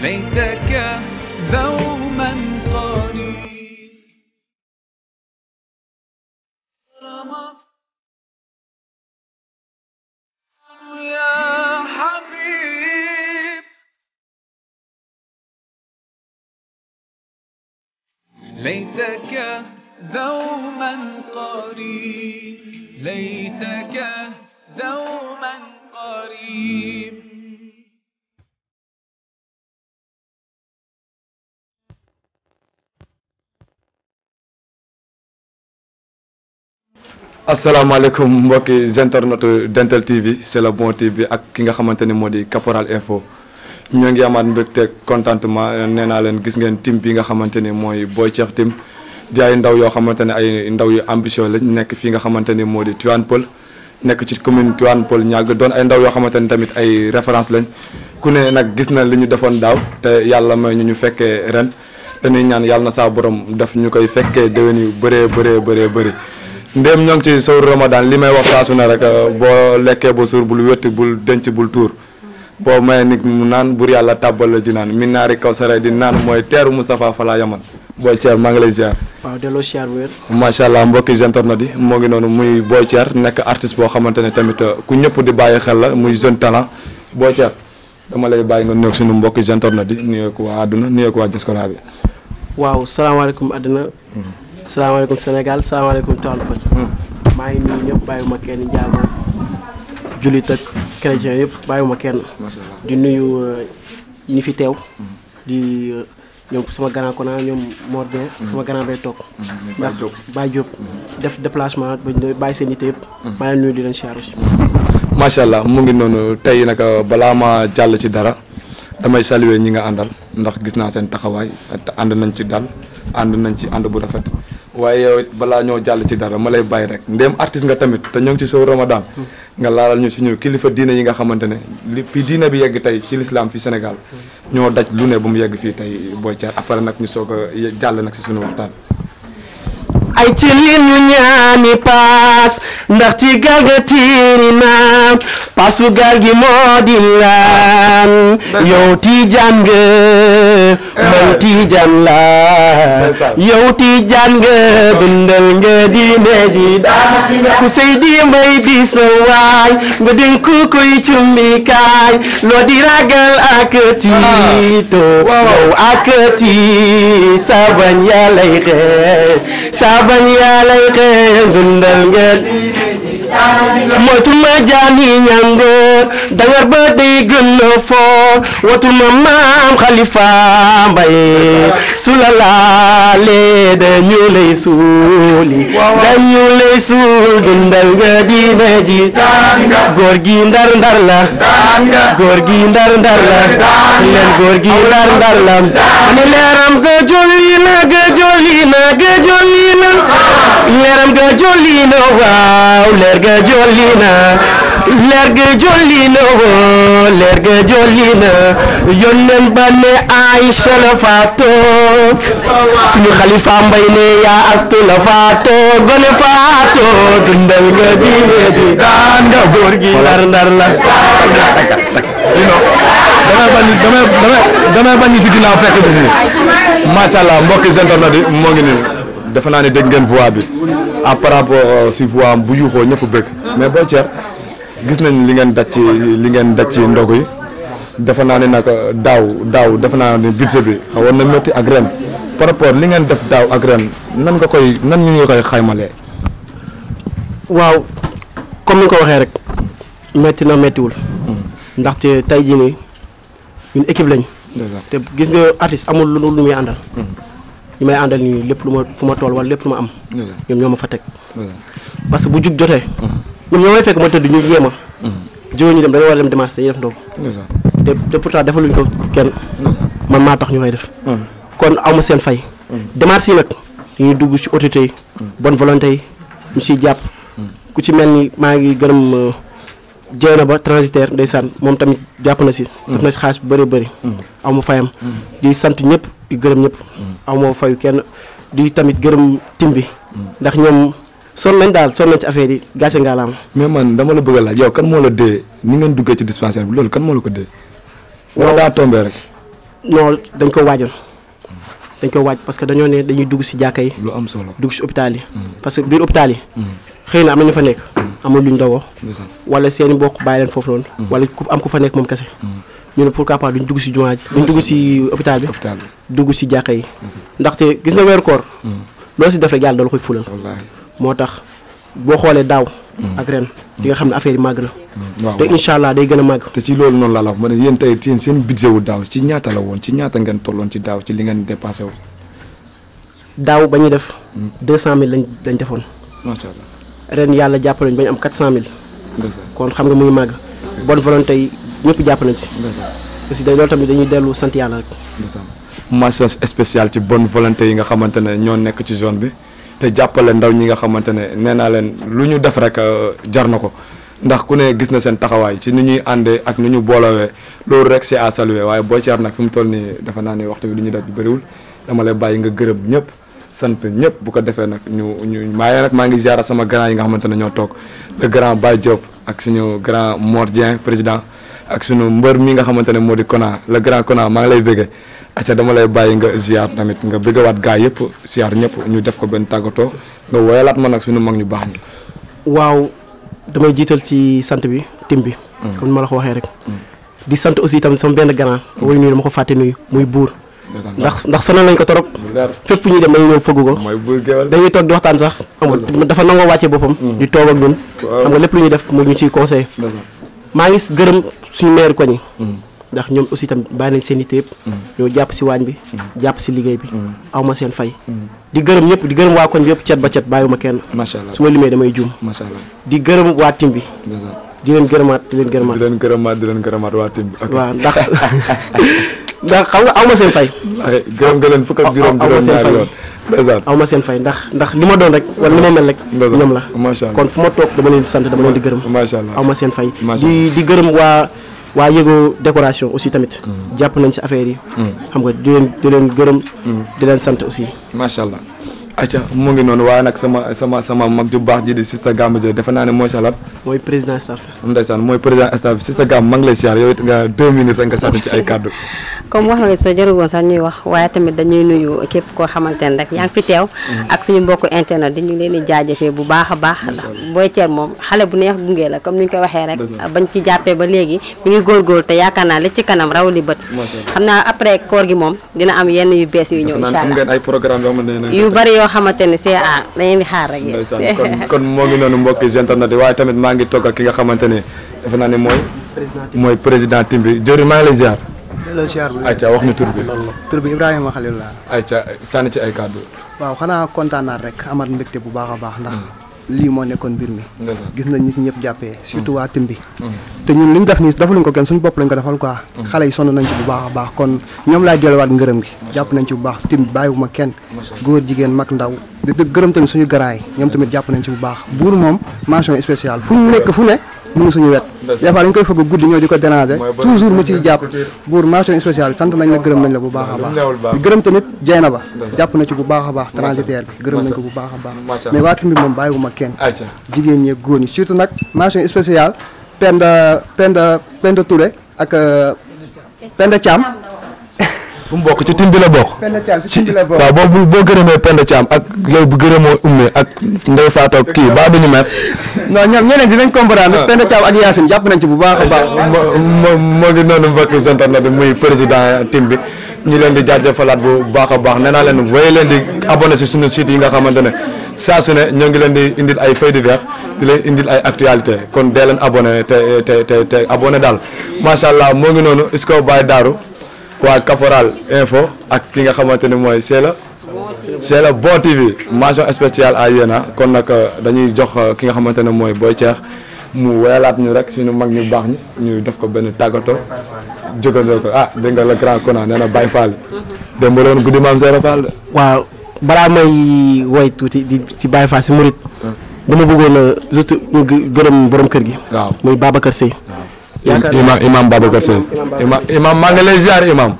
ليتك دوما قريب يا حبيب ليتك دوما قريب ليتك دوما قريب asalaamaaleykum mbokki internet Dental TV c'est le bon bi ak ki nga xamante ni moo di Caporal Info ñoo ngi amaat mbégte contentement nee naa leen gis ngeen time bi nga xamante ni mooy Boy Cheikh team di ay ndaw yoo xamante ne ay ndaw yu ambition lañ nekk fii nga xamante ni moo di Tivaouane nekk ci commune Tivaouane Peulh ñàgg doon ay yoo xamante ni tamit ay référence lañ ku ne nag gis na li ñu defoon daaw te yàlla may ñu ñu fekkee ren dañuy ñaan yàlla na saa borom def ñu koy fekkee déwén yu bëree bëree bëree bëri ndéem ñoo ngi ci sawru Ramadan li may wax saa su ne rek euh, boo lekkee ba suur bul wétti bul denc bul tuur boo may nit mu naan bur yàlla tàbbal la ji naan min naari kaw sare di naan mooy teeru Moustapha Fala Yaman Boy Thier maa ngi lay ziar. waaw delloo ziar wér. macha allah mbokki internet yi moo ngi noonu muy Boy Thier nekk artiste boo xamante ne tamit euh, ku ñëpp di bàyyi xel la muy jeune talent Boy Thier dama lay bàyyi nga nuyoog suñu mbokki internet yi nuyoog waa àdduna nuyoog waa diaspora bi. waaw Assalamualaikum Senegal, assalamualaikum tool pël maa ngi nuyu ñëpp bàyyiwuma kenn njaago julit ak chrétien yëpp bayuma kenn di nuyu ñi fi tew di ñom eh, sama grand kona ñom mordin hmm. sama grand bay bay job bay job def déplacement bañ bay seen nité yëpp nuyu di leen xaru ci machallah allah mu ngi noonu tay balama bala ma jall ci dara damay saluer ñi nga andal ndax gis na seen taxaway and nañ ci dal and nañ ci and bu rafet waye yow it balaa ñoo jall ci dara ma lay bàyyi rek ndem artiste nga tamit te ñong ci sow ramadan nga laal ñu suñu kilifa diine yi nga xamantene fi diine bi yegg tay ci l'islam fi senegal ñoo daj lu ne bu mu yegg fi tay après nak ñu jall nak ci suñu waxtan ay ci li ñu ñaani pass ndax ci gal ga tiiri passu gal gi ah. yow ti man tiijaan laa yow tiijaan nga dundal nga diine ji ku sey di mbay di sa waay nga dénk koy cummikaay loo di ragal ak tiitoo ah. yow ak tiit saaban yaa lay xeex saaban yaa lay xeex dundal nga moytu ma jaani ñangoor dangar ba day gën a foo watul ma maam xalifa mbay su la laalee dañu lay suuli dañu lay suul dundal nga diine ji góor gi ndar ndar la gi ndar ndar la leen góor gi ndar la ani leeram ga joli na ga jolli na ga jolli na leeram ga jolli na waaw leer ga jolli na leer ga jolli na woo leer ga jolli na yónneen ba ne Aïcha la faa toog suñu xalifa mbay ne yaa astu la faa toog gone faa toog dundal nga diine di daan nga góor gi ndar ndar la damay bañ damay damay damay bañ ci ginnaaw fekk ci macha allah mbokki internet yi moo ngi nii defe naa ne dégg ngeen voix bi à rapport euh, si voix am bu yuuxoo ñëpp bëgg mais Boy Thier gis nañ li ngeen daj ci li ngeen daj ci ndogu yi defe naa ne nag euh, daaw daaw defe naa ne budget bi xawoon na métti ak ren par rapport li ngeen def daaw ak ren nan nga koy nan ñu ngi koy xaymalee. waaw comme ni nga ko waxee rek métti na méttiwul. Hmm. ndaxte tey jii nii ñun équipe lañ. te gis nga artiste amul lu lu muy àndal. Mm-hmm. ñu may àndal nii lépp lu ma fu ma tool wala lépp lu ma am. ñoom ñoo ma fa teg. parce que bu jug jotee. Mm-hmm. ñoom ñoo may fekk ma tëdd ñu yéema. Mm-hmm. jiw ñu dem da nga war a dem démarche dañuy def ndogu. te te pourtant defaluñ ko kenn. man maa tax ñu koy def. kon aw ma seen fay. démarche yi nag dañuy dugg ci autorité yi. bonne ñu siy jàpp. ku ci mel ni maa ngi gërëm. Euh, jéena ba transitaire ndeysaan mom tamit japp na ci mm. def na ci xaalis bu bari bari mm. amu fayam mm. di sant ñep di gërëm ñep amu fayu kenn di tamit gërëm tim bi ndax ñom son nañ dal son nañ ci affaire yi gàcce ngaalaam mais man dama la bëgg la yow kan mo la dé ni ngeen duggé ci dispensaire bi kan mo la ko dé wala da tomber rek non dañ ko waajoon dañ ko wajj parce que dañu ne dañuy dugg si jaakay lu am solo dugg si hôpital yi parce que biir hôpital yi xeyna am nañu fa nek amul luñ dogoo wala seen bokk mbokk bàyyi leen foofu noonu mm-hmm. wala ku am ku fa nekk moom kese mm-hmm. ñu ne pourquoi pas duñ dugg si jumaa duñ dugg si hôpital bi dugg si jàkka yi ndaxte gis nga weeru koor mm-hmm. loo si def rek yàlla dala koy fulal moo tax boo xoolee daaw ak ren di nga xam ne affaire màgg na waaw te incha allah day gën a màgg te ci loolu noonu laa la wax ma ne wu daaw la woon ci ñaata ngeen tolloon ci daaw ci li ngeen dépensé wu daaw ba ñu def deux cent mille lañ lañ defoon macha allah ren yàlla jàppale ñu ba ñu am 400000. kon xam nga mu ngi màgg. bonne volonté yi ñëpp jàpp nañ si. aussi day loolu tamit dañuy dellu sant yàlla rek. mention spéciale ci bonne volonté yi nga xamante ne ñoo nekk ci zone bi te jàppale ndaw ñi nga xamante ne nee naa leen lu ñu def rek euh, jar na ko ndax ku ne gis na seen taxawaay ci ni ñuy àndee ak ni ñu boolawee loolu rek c'est à saluer waaye boo ci ar nag fi mu toll nii defe naa ni waxtu bi lu ñu def bëriwul dama lay bàyyi nga gërëm ñëpp. sant ñëpp bu ko defee nag ñu ñu maaye nag maa ngi ziara sama grand yi nga xamante ne ñoo toog le grand Baye Diop ak suñu grand Mor président ak suñu mbër mi nga xamante ne moo di Kona le grand Kona maa ngi lay bëggee acca dama lay bàyyi nga ziar tamit nga waat gaa yëpp ziar ñëpp ñu def ko benn tàggatoo nga woyalaat ma nag suñu mag ñu baax ñi waaw damay jiital ci sant bi tim bi mm. comme ni ma la ko waxee rek mm. di sant aussi tamit sama ndax ndax sonal nañ ko torop fépp fu ñuy dem dañuy ñëw fëgg ko dañuy toog di waxtaan sax amul dafa nangoo wàccee boppam mm. di toog ak ñun xam nga lépp lu ñuy def mu ñu ciy conseil maa ngi gërëm suñu maire ko ñi mm. ndax ñoom aussi tam bàyyi nañ seen yitte yëpp mm. ñoo jàpp si waañ bi jàpp si liggéey bi aw ma seen fay di gërëm ñëpp di gërëm waa koñ bi yëpp cet ba cet ma kenn macha allah su ma limee damay juum macha allah di gërëm waa tim bi di leen gërëmaat di leen gërëmaat di leen gërëmaat di leen gërëmaat waa tim bi waaw ndax nga xam nga aw ma seen fay. gërëm nga leen fukk ak juróom juróom ñaari ma seen fay ndax ndax li ma doon rek wala li ma mel rek la macha kon fu ma toog dama leen di sant dama leen di gërëm macha allah aw ma seen fay di gërëm waa waa yëgoo décoration aussi tamit mm. jàpp nañ si affaire yi mm. xam nga di leen di gërëm mm. di leen sant aussi macha allah acca mu ngi waaye nag sama sama sama mag ju baax ji di Sista Gamba Dieng defe naa ne mooy salat mooy président staff mooy président staff Sista Gamba maa ngi la siyaar yow it nga deux ci ay kàddu comme wax na lépp sax jërëgoon sax ñuy wax waaye tamit dañuy nuyu képp koo xamante ne rek yaa ngi fi teew mm-hmm. ak suñu mbokk internet di ñu leen di jaajëfee bu baax a baax booy ceer moom xale bu neex gunge la comme ni ñu ko waxee rek bañ ci jàppee ba léegi mi ngi góorgóorlu te yaakaar naa li ci kanam raw li bët xam naa après koor gi moom dina am yenn yu bees yu ñëw incha allah yu bari yoo xamante ne CA dañuy xaar rek yéen kon moo ngi noonu mbokk internet yi waaye tamit maa ngi toog ak ki nga xamante ne dafa naa ne mooy mooy président timbi jori maa ngi lay delloo siyaar bu ayca wax ni tur bi a bi Ibrahima Khalil laa ayca sànni ci ay kàddu waaw xanaa kontaan naa rek amaat mbégte bu baax a baax ndax mm. lii moo nekkoon mbir mi gis nañ ñi si ñëpp jàppee mm. surtout waa Timbi mm. te ñun li ñu def nii defaluñ ko kenn suñu bopp lañ ko defal quoi xale yi sonn nañ ci bu baax a baax kon ñoom laay delluwaat ngërëm jàpp nañ ci bu baax Timbi bàyyiwuma kenn góor jigéen mag ndaw gërëm tamit suñu garaay ñoom tamit jàpp nañ ci bu baax buur moom mënu suñu wet des fois dañ koy fëgg guddi ñëw di ko déranger toujours mu ciy jàpp buur mention spéciale sant nañ na gërëm nañ la bu baax a baax gërëm tamit jey na ba jàpp na ci bu baax a baax transitaire bi gërëm nañ ko bu baax a baax mais waatu mbir moom bàyyiwuma kenn jigéen ñi góor ñi surtout nag mention spéciale Penda Penda Penda Touré ak euh, Penda Thiam fu mu ci tim bi la bokk. ci waaw boo boo gërëmee Penda Thiam ak yow bu gërëmoo umme ak Ndeye Fatou ak kii ba duñu mer. non ñoom ñeneen dinañ comprendre. Ah. Penda Thiam ak Yacine jàpp nañ ci bu baax moo moo ngi noonu mbokki internet bi muy président tim bi ñu leen di jaajëfalaat bu baax a baax nee naa leen wéy leen di abonné si suñu site yi nga xamante ne saa su ne ñoo ngi leen di indil ay faits divers di leen indil ay actualité kon dee leen abone te te te te abonné daal macha allah moo ngi noonu is Isco Baye Darou waa Caporal info ak ki nga xamante ne mooy seela Sela Bon TV mention spéciale à yéen kon nag euh, dañuy jox euh, ki nga xamante ne mooy Boy Cheikh mu wayalaat ñu rek suñu mag ñu baax ñi ñu def ko benn tàggatoo jógandoo ko ah dégg nga le grand Kona nee na Baye Fall démb la woon guddi maam Sera Fall de. waaw balaa may woy tuuti di si Baye si Mouride. Ah. dama bëggoon a gi ñu gërëm borom kër gi. waaw muy Babacar Seye. yaakaar naa imaam Babacar Seye imaam maa ngi lay ziar imaam.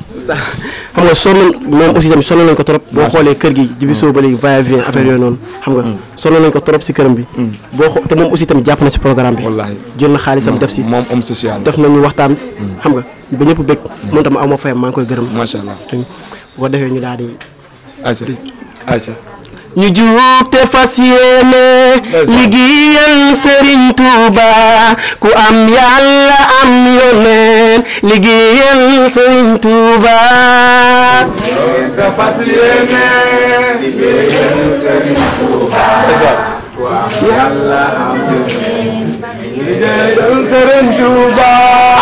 xam nga sonn moom aussi tamit sonn nañ ko trop boo xoolee kër gi jibi soo ba léegi va et vient mm. affaire yooyu noonu xam nga mm. sonn nañ ko trop si këram bi mm. te moom aussi tamit jàpp na si programme bi jël na xaalisam def si moom homme social def nañu waxtaan xam nga ba ñëpp bëgg moom tam aw ma fayam maa ngi koy gërëm macha allah boo defee ñu daal di acca acca ñu juub te fas yéene liggéeyal Serigne ku am yàlla am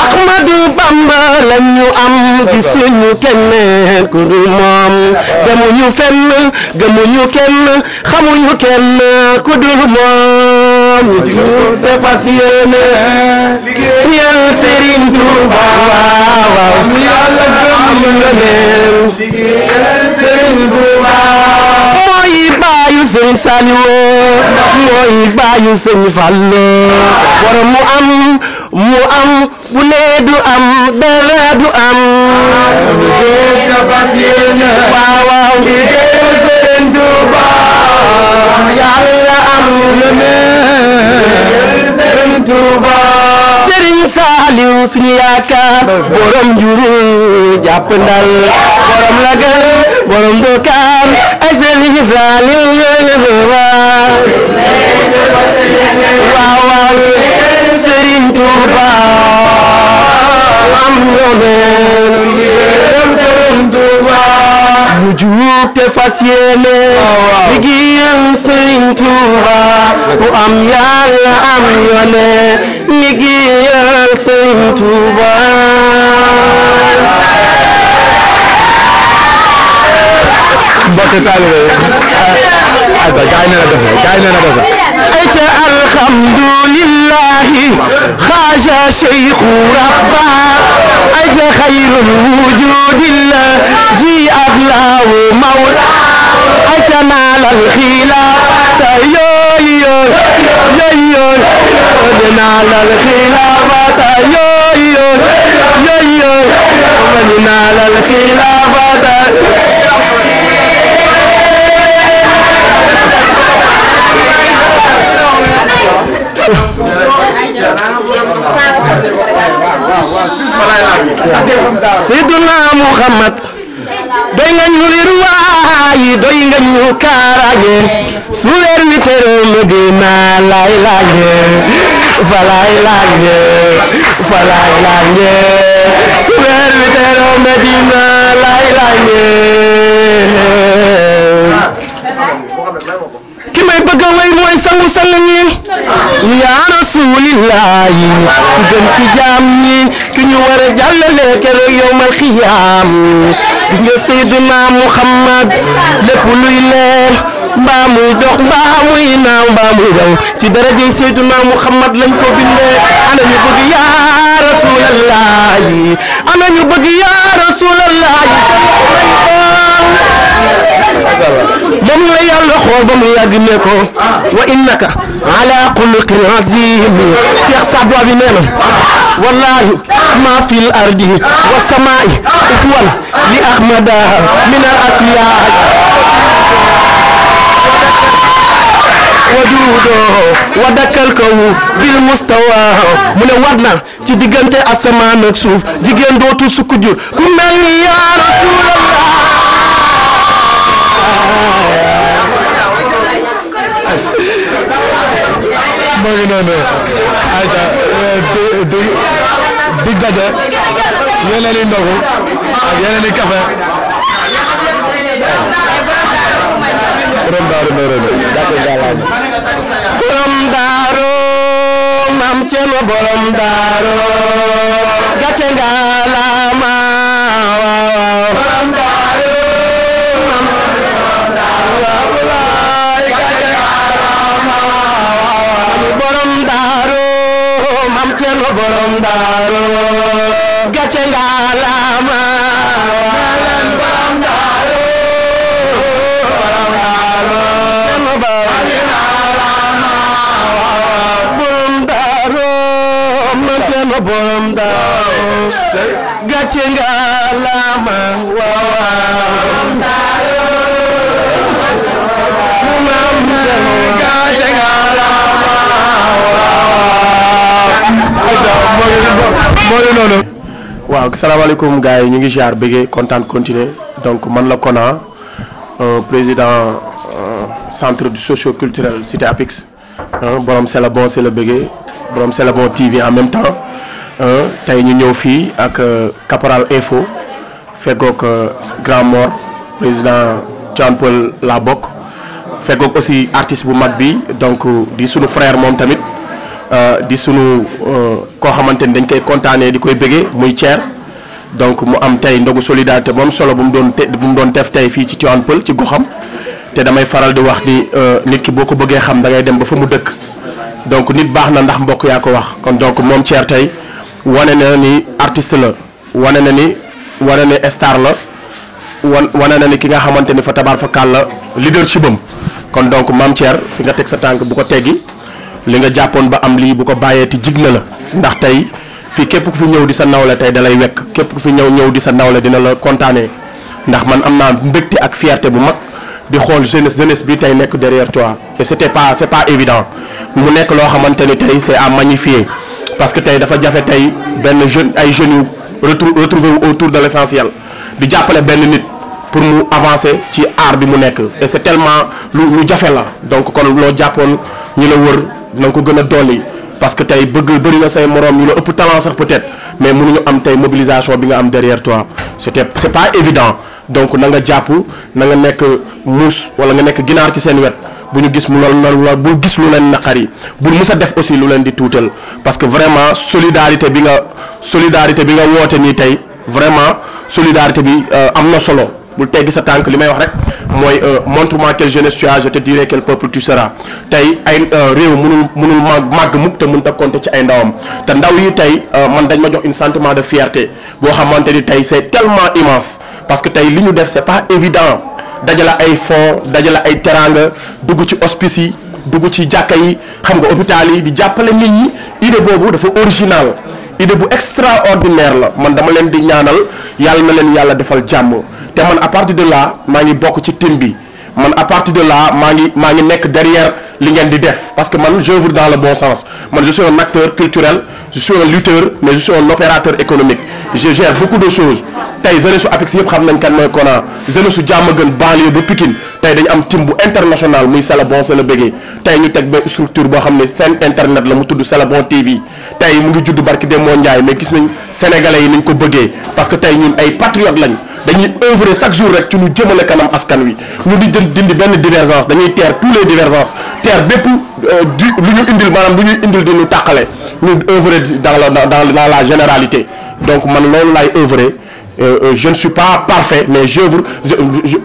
Ahmadu Bamba lañu am gisuñu kenn ku dul moom demuñu fenn gëmuñu kenn xamuñu kenn ku dul moom ñu jur te fas yéene liggéeyal Serigne Touba waaw yàlla gëm nga leen liggéeyal Serigne Touba sëriñ Saliou mooy baayu sëñ Fallou borom mu am mu am bu du am dara du am waaw waaw sëriñ Touba yàlla am lene sëriñ ndal borom lagal borom dokaar ليس لجفال الغلبة وعوال سرين توبا وعمل سرين توبا نجوب تفاسيلي نجيم سرين توبا وعم يالا عم يولي نجيم سرين توبا mbokki taalibe ayta gaay nee na des na gaay nee na des na ayta alhamdulillahi xaaja cheikhu rabba ayta xayrul wujudillah ji ablaawu mawla ayta maalal xilaafata yooy yooy yooy yooy od maalal xilaafata yooy yooy yooy yooy od maalal xilaafata دينا لا لا فلا لا فلا لا سبحان مدينة لا لا كما يبقى يا رسول الله جنت جامي كن ور جلل كر يوم الخيام سيدنا محمد لكل ليل بامو دوخ بامو ينا daw ci darajey Seyduna Muhammad lañ ko bindee ana ñu bëgg yaa rasulallaahi ana ñu bëgg yaa rasulallaahi moom la yàlla xool ba mu yàgg ne ko wa innaka ala xuluqin azim Cheikh Sadwa bi nee na wallahi ma fil ardi wa samaai ufwan li ahmada min al asiyaaji waduudoo wa dakkal kawu bil mustawaa mu ne war ci diggante asamaan ak suuf jigéen dootul sukkujur ku mel yaa rasulallah moo ngi noonu di di dig daje ci yeneen i ndogu ak yeneen i maam Cerno borom daaro gàcce nga la ma waaw borom ma waaw borom daaro maam Cerno nga borom gaa gàcce nga laama waaw gàcce nga laama waaw waaw salaamaaleykum gars yi ñu ngi ziar bëggee kontaan continuer donc man la Kona président euh, centre du socio culturel cité Apix borom c'est le bon c'est borom c'est le bon TV en même temps Euh, tay ñu ñëw fi ak euh, caporal info ko euh, grand mort président Jean-Paul la bokk ko aussi artiste bu mag bi donc di suñu frère mom tamit di suñu koo xamante dañ koy contané di koy bëggee muy Thier donc mu am tay ndogu solidarité mom solo bu mu don te bu mu don def tay fi ci Tivaouane Peulh ci goxam té damay faral di wax ni nit ki boko bëggé xam da ngay dem ba fa mu dëkk donc nit baxna na ndax mbokk ya ko wax kon donc mom Thier tay wane na ni artiste la wane na ni wane na ni star la wan wane na ni ki nga xamante ni fa tabaar fa kàll la leadership am kon donc Mame Thierre fi nga teg sa tànk bu ko teggi li nga jàppoon ba am lii bu ko bàyyee ti jig na la ndax tey fii képp ku fi ñëw di sa nawle tey dalay wekk képp ku fi ñëw ñëw di sa nawle dina la kontaanee ndax man am naa mbégte ak fierté bu mag di xool jeunesse jeunesse bi tey nekk derrière toi et c'était pas c'est pas évident mu nekk loo xamante ni tey c'est à magnifier parce que tey dafa jafe tey benn jeune ay jeunes yu retrouver wu autour de l' essentiel di jàppale benn nit pour mu avancer ci aar bi mu nekk et c' est lu lu jafe la donc kon loo jàppoon ñi la wër na ko gën a dolli parce que tey bëgg bëri na say moroom ñu la ëpp talent sax peut-être mais mënuñu am tey mobilisation bi nga am derrière toi c' est pas évident donc na nga jàpp na nga nekk muus walla nga nekk ginaar ci seen wet bu gis mu lol lool lool gis lu len naqari bu mus def aussi lu len di tuutal parce que vraiment solidarité bi nga solidarité bi nga wote ni tay vraiment solidarité bi euh, amna solo bu tegg sa tank limay wax rek moy euh, montre-moi quelle jeunesse tu as je te dirai quel peuple tu seras tay ay euh, rew mënul mënul mag màgg mukk te mënut ta compter ci ay ndawam te ndaw yi tay man dañ ma jox une sentiment de fierté bo xamanteni tay c'est tellement immense parce que tay li ñu def c'est pas évident dajala ay d'ailleurs dajala ay teranga dugg ci hospice yi dugg ci yi xam nga hôpital yi di nit ñi idée bobu dafa original extraordinaire la man dama leen di ñaanal yalla na leen yalla defal à partir de là m'a ngi bok ci team à partir de là m'a ngi m'a ngi derrière li ngeen di parce que man j'œuvre dans le bon sens Moi, je suis un acteur culturel je suis un lutteur mais je suis un opérateur économique je gère beaucoup de choses tay jeunesse su APEX yëpp xam nañ kan mooy Kona jeunesse su Diamaguène banlieue ba Pikine tey dañu am team bu international muy Salabon sa la bëggee tey ñu teg ba structure boo xam ne seen internet la mu tudd Salabon TV tey mu ngi judd barki Demba Ndiaye mais gis nañ sénégalais yi nañ ko bëggee parce que tey ñun ay patriotes lañ. dañuy œuvre chaque jour rek ci ñu jëmale kanam askan wi ñu di dindi benn divergence dañuy teer tous les divergences teer bépp euh, lu ñu indil maanaam lu ñuy indil di ñu tàqale ñu œuvre dans la dans la généralité donc man loolu laay œuvre euh, euh, je ne suis pas parfait mais je, je,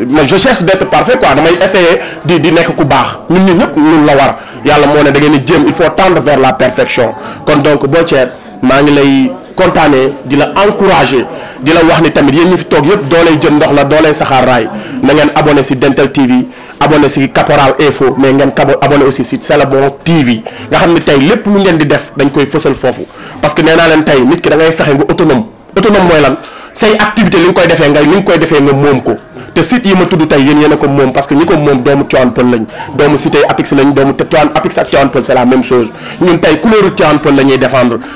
mais je cherche d'être parfait quoi Mais essayer di di nekk ku baax ñun ñun ñëpp la war yàlla moo ne da ngeen di jéem il faut tendre vers la perfection kon donc boo ceeb maa ngi lay kontaanee di la encourager di la wax ni tamit yéen ñu fi toog yëpp doo lay jën ndox la doo lay saxaar raay na ngeen abonné si Dental TV abonné si Caporal Info mais ngeen kabo abonné aussi si C'est TV nga xam ne tey lépp lu ngeen di def dañ koy fësal foofu parce que nee naa leen tey nit ki da ngay fexe nga autonome autonome mooy lan say activité li nga koy defee nga li nga koy defee nga moom ko te site yi ma tudd tey yéen yéen a ko moom parce que ñi ko moom doomu Tivaouane Peulh lañ doomu cité Apix lañ doomu Tivaouane Apix ak Tivaouane c'est la même chose ñun tey couleur Tivaouane Peulh la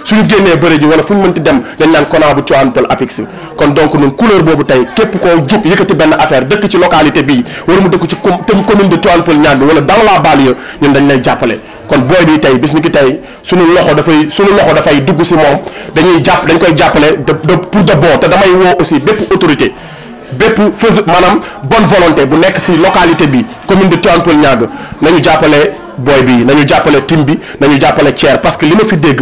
suñu génnee bëre ji wala fu ñu mënti dem dañ naan Kona bu Tivaouane Peulh Apix donc ñun couleur boobu tey képp koo jub yëkkati benn affaire dëkk ci localité bii war mu dëkk ci commune de Tivaouane Peulh ñàgg wala dans la banlieue ñun dañ lay jàppale kon booy jàpp dañ koy jàppale de pour de bon te damay bepu, bonne volonté bu ci localité bi commune de Tivaouane vous nous nañu jàppale boy, bi nañu timbi team nañu parce que vous dégg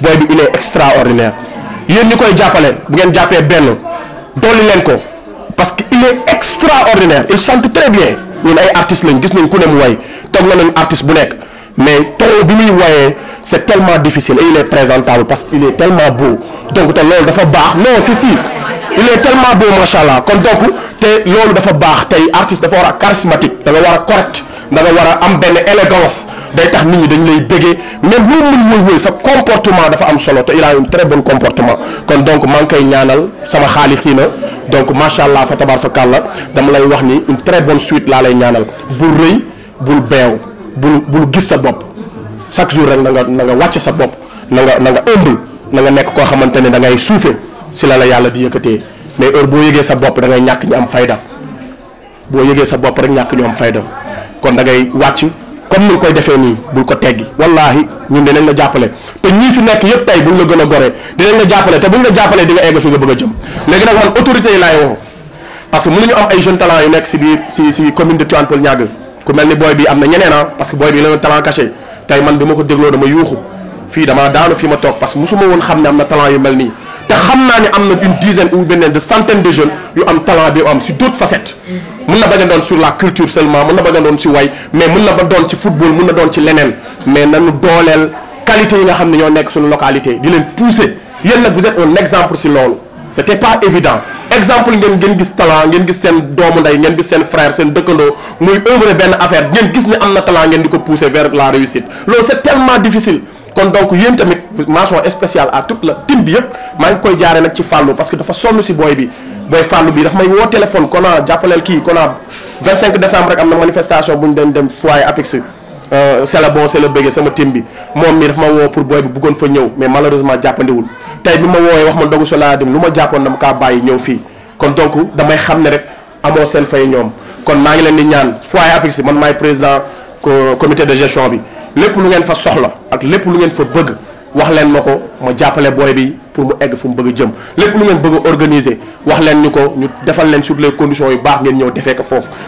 bi il est extraordinaire Vous, le koy le bu avez jàppee benn parce qu'il est extraordinaire il chante très bien ñun artistes lañ gis nañ ne way artiste mais c'est tellement difficile et il est présentable parce qu'il est tellement beau donc non si si il est tellement beau machallah kon donc té lolu dafa bax tay artiste dafa wara charismatique da nga wara correct da nga wara am ben élégance day tax nit ñi dañ lay bégué même lu mu woy woy sa comportement dafa am solo té il a un très bon comportement kon donc man kay ñaanal sama xaalixina donc machallah fa tabarakallah dama lay wax ni une très bonne suite la lay ñaanal bu reuy bu bew bu bu gis sa bop chaque jour rek nga nga wacce sa bop nga nga humble nga nek ko xamantene da ngay souffler si la la yàlla di yëkkatee mais heure boo yëgee sa bopp da ngay ñàkk ñu am fayda boo yëgee sa bopp rek ñàkk ñu am fayda kon da ngay wàcc comme ni koy defee nii bul ko teggi wallaahi ñun dinañ la jàppale te ñii fi nekk yëpp tey buñ la gën a gore dinañ la jàppale te buñ la jàppalee di nga egg fi nga bëgg a jëm léegi nag man autorité yi laay woo parce que mënuñu am ay jeunes yu nekk si biir si si commune de Tivaouane Peulh Niaga ku mel ni booy ah, bi ma ko dégloo dama yuuxu fii damaa daanu fii ma toog parce que mosuma woon xam na talent yu mel nii te xam naa ne am une dizaine ou beneen de centaines de jeunes yu am talent bi am si d'autres facettes mun na bañ a sur la culture seulement mun na bañ a doon si way mais mun na ba doon ci football mun na doon ci leneen mais nañu dooleel qualité yi nga xam ne ñoo nekk suñu localité di leen pousser yéen vous êtes un exemple si loolu c'était pas évident exemple ngeen ngeen gis talent ngeen gis seen doomu ndey ngeen gis seen frère seen dëkkandoo muy œuvre benn affaire ngeen gis ne am talent ngeen di ko pousser vers la réussite loolu c'est tellement difficile kon donc yéen mention spéciale à toute la team bi yëpp maa ngi koy jaare nak ci fàllu parce que dafa sonu ci boy bi boy fàllu bi dafa may wo téléphone kon a ki kii a 25 décembre rek amna manifestation buñ den dem foyer APEX euh, c'est le bon c'est le bëgg sama team bi mom mi dafa ma wo pour boy bi bëggoon fa ñëw mais malheureusement jàppandiwul tay bi ma woowee wax ma dogu solaa dem lu ma jàppoon dama kaa bàyyi ñëw fi kon donc damay xam ne rek amoo sen fay ñom kon ma ngi leen di ñaan foyer APEX man may président comité de gestion bi lepp lu ngeen fa soxla ak lepp lu ngeen fa bëgg wax leen mako ko ma jàppale booy bi pour mu egg fu mu bëgg jëm lépp lu ngeen bëgg organiser wax leen ñuko ñu défal leen sur les conditions yu baax ngeen ñëw defee ko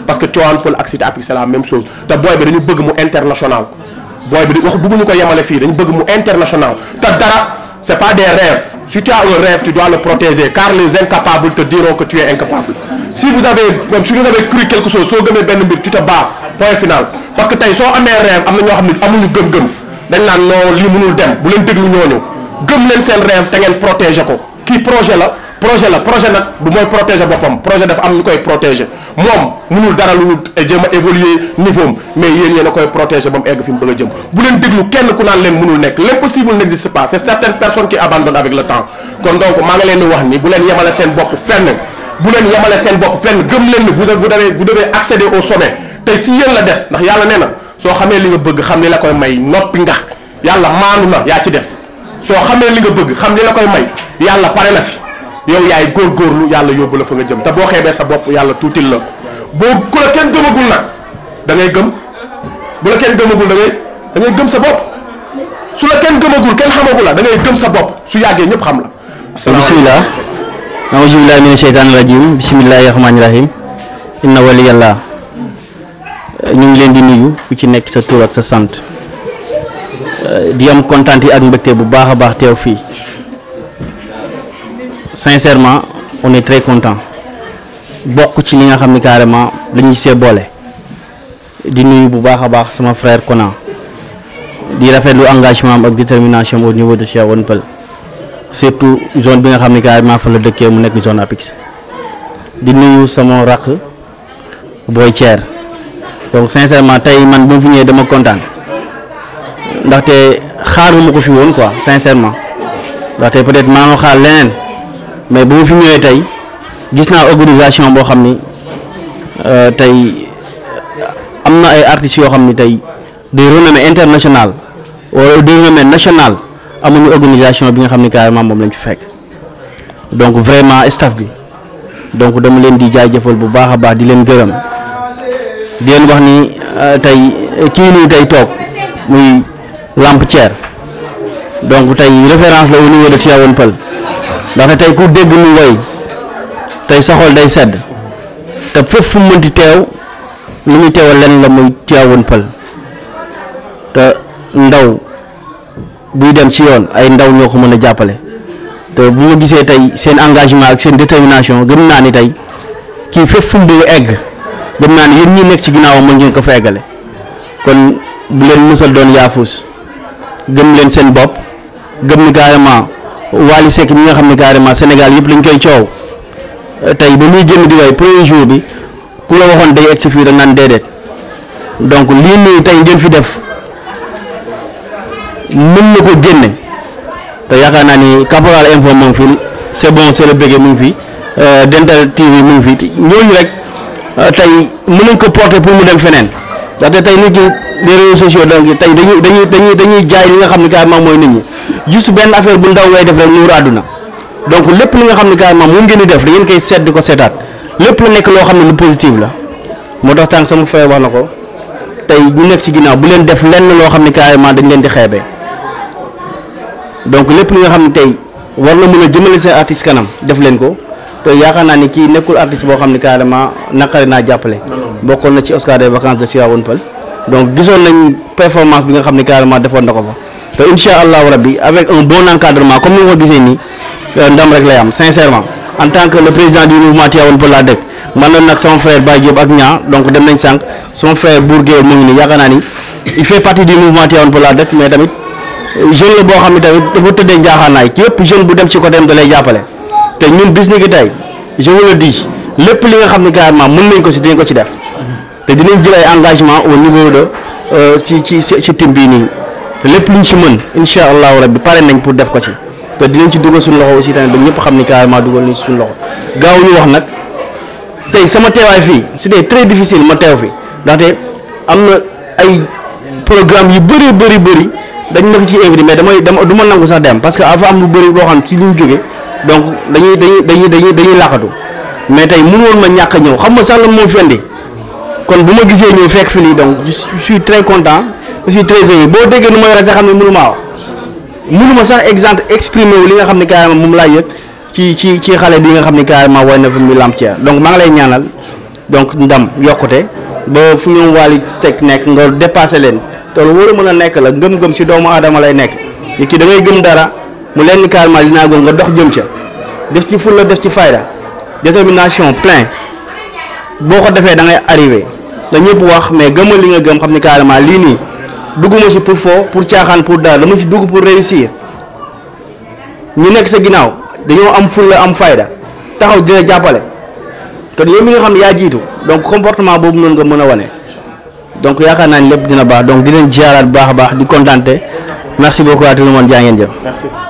parce que Tivaouane Peulh ak Cité Apix c'est la même chose ta boy bi dañu bëgg mu international boy bi wax bëgguñu ko yemale fi dañu bëgg mu international ta dara c'est pas des rêves si tu as un rêve tu dois le protéger car les incapables te diront que tu es incapable si vous avez même si vous avez cru quelque chose so gëmé ben mbir tu te bats point final parce que tay so amé rêve amna ñoo xamni amuñu gëm-gëm dañ naan non li mënul dem bu len deglu ñooñu gëm len seen rêve te ngeen protéger ko ki projet la projet la projet nak bu moy protéger bopam projet dafa am ñu koy protéger mom mënul dara lu e jéem a évoluer niveau mais yeen yeen a koy protéger bam egg fi mu bëgg jëm bu len deglu kenn ku naan len mënul nekk l'impossible n'existe pas c'est certaines personnes qui abandonnent avec le temps kon donc ma nga len wax ni bu len yemale seen bop fenn bu len yemale seen bop fenn gëm len ni vous devez vous devez accéder au sommet tay si yeen la dess ndax yalla nena soo xamee li nga bëgg xam li la koy may noppi nga yàlla maandu na yaa ci des soo xamee li nga bëgg xam li la koy may yàlla pare na si yow yaay góorlu yàlla yóbbu la fa nga jëm te boo xeebee sa bopp yàlla tuuti la boo ku la kenn gëmagul nag da gëm bu la kenn gëmagul da gëm sa bopp su la kenn gëmagul kenn xamagul la da ngay gëm sa bopp su yàggee ñëpp xam la. bisimilah. auzu billahi mina sheytaani rajim bisimilahi rahmaani rahim inna waliyallah ñu ngi leen di nuyu ku ci nekk sa tur ak sa sant euh, di am kontaan yi ak mbégte bu baax a baax teew fii sincèrement on est très content bokk ci li nga xam ne carrément lañuy see boole di nuyu bu baax a baax sama frère Kona di rafetlu engagement am ak détermination au niveau de Tivaouane Peulh surtout zone bi nga xam ne carrément fa la dëkkee mu nekk zone APIX di nuyu sama rakk Boy Thier. donc sincèrement tey man bu ma fi ñëwee dama kontaan ndaxte xaaruma ko fi woon quoi sincèrement ndaxte peut-être maa ngi xaar leneen mais bu ma fi ñëwee tey gis naa organisation boo xam ni euh, tey am na ay artistes yoo xam ni tey de international internationale wala de national nationale amuñu organisation bi nga xam ni carrément moom lañ fi fekk donc vraiment staff bi donc dama leen di jaajëfal bu baax a baax di leen gërëm. di leen wax ni euh, tey kii nii tey toog muy Lamp Thier donc tey référence la au de Tivaouane Peulh ndax tey ku dégg mu woy tey sa day sedd te fépp fu mu mënti teew lu muy teewal lenn la muy Tivaouane Peulh te ndaw buy dem ci yoon ay ndaw ñoo ko mën a jàppale te bu ma gisee tey seen engagement ak seen détermination gën naa ni tey kii fépp fu mu egg. gëm naa ne yéen ñi nekk ci ginnaawam mën ngeen ko fa kon bu leen mësal doon yaafus gën leen seen bopp gën ni carrément Wally Seck mi nga xam ne carrément Sénégal yëpp lañ koy coow tey ba muy génn di way premier bi ku la waxoon day egg si fii da naan déedéet donc lii nii tey ngeen fi def mën na ko génne te yaakaar naa ni Caporal info mu c'est bon c'est le bége mu ngi fi euh, Dental TV mu ngi fi ñooñu rek. Euh, tey mu nañ ko porter pour mu dem feneen ndaxte tey nit ñi les réseaux sociaux donc tey dañuy dañuy dañuy dañuy jaay li nga xam ne carrément mooy nit ñi juste benn affaire bu ndaw ngay def rek nuuru àdduna donc lépp li nga xam ne carrément moom ngeen di def da ngeen koy seet ko seetaat lépp lu nekk loo xam ne lu positif la moo tax tànk sama fay wax na ko tey ñu nekk ci ginnaaw bu leen def lenn loo xam ne carrément dañ leen di xeebee donc lépp li nga xam ne tey war na mën a jëmale seen artiste kanam def leen ko. te yaakaar naa ni kii nekkul artiste boo xam ne carrément naqari naa jàppale. bokkoon na ci Oscar des vacances de Tivaouane Peulh donc gisoon nañ performance bi nga xam ne carrément defoon na ko fa te incha allahu rabbi avec un bon encadrement comme ni nga ko gisee nii euh, ndam rek lay am sincèrement en tant que le président du mouvement Tivaouane Peulh laa dëkk man nag sama frère Baye Diop ak ñaar donc dem nañ sànq sama frère Bourgué mu ngi nii yaakaar naa ni il fait partie du mouvement Tivaouane Peulh laa dëkk mais tamit jeune bu dem ci côté am da lay te ñun bis ni ki tey je vous lépp li nga xam ne carrément mën nañ ko si dinañ ko ci def te dinañ jël ay engagement au niveau de euh, ci ci ci tim bii nii te lépp ñu si mën incha allahu rabbi pare nañ pour def ko ci te dinañ ci dugal suñu loxo aussi tamit ba ñëpp xam ni carrément dugal nañ suñu loxo gaaw ñu wax nag tey sama teewaay fii c'était très difficile ma teew fi ndaxte am na ay programme yu bëri bëri bëri dañ ma ko ci invité mais damay dama du na nangu sax dem parce que avant am lu bëri boo xam ci li ñu jógee donc dañuy dañuy dañuy dañuy laqatu mais tey mënoon ma ñak ñew xam nga sall mo moo fi kon buma gisé ñu fekk fi nii donc je suis très content je suis très heureux bo déggé nu ma sax xam ne ma wax ma sax exemple exprimer li nga xam kay carrément mum la yëg ci ci ci xalé bi nga xam kay ma way na fi mi lamp ceer donc ma ngi lay ñaanal donc ndam yokuté bo fu ñu walik sek nek nga dépasser leen te lu wóor a mën la gëm gëm ci doomu aadama lay nek ki da ngay gëm dara mu leen ni carrément dinaa góor nga dox jëm ca def ci fulla def ci fayda détermination plein boo ko defee da ngay la ñëpp wax mais gëmal li nga gëm xam ni carrément lii nii dugguma ci pour foo pour caaxaan pour dara dama ci dugg pour réussir ñu nekk sa ginnaaw dañoo am fulla am fayda taxaw dina jàppale te yow mi nga xam ne yaa jiitu donc comportement boobu noonu nga mën a wane donc yaakaar naa ni lépp dina baax donc di leen ziaraat baax a baax di kontaan merci beaucoup à tout le monde ngeen jëf.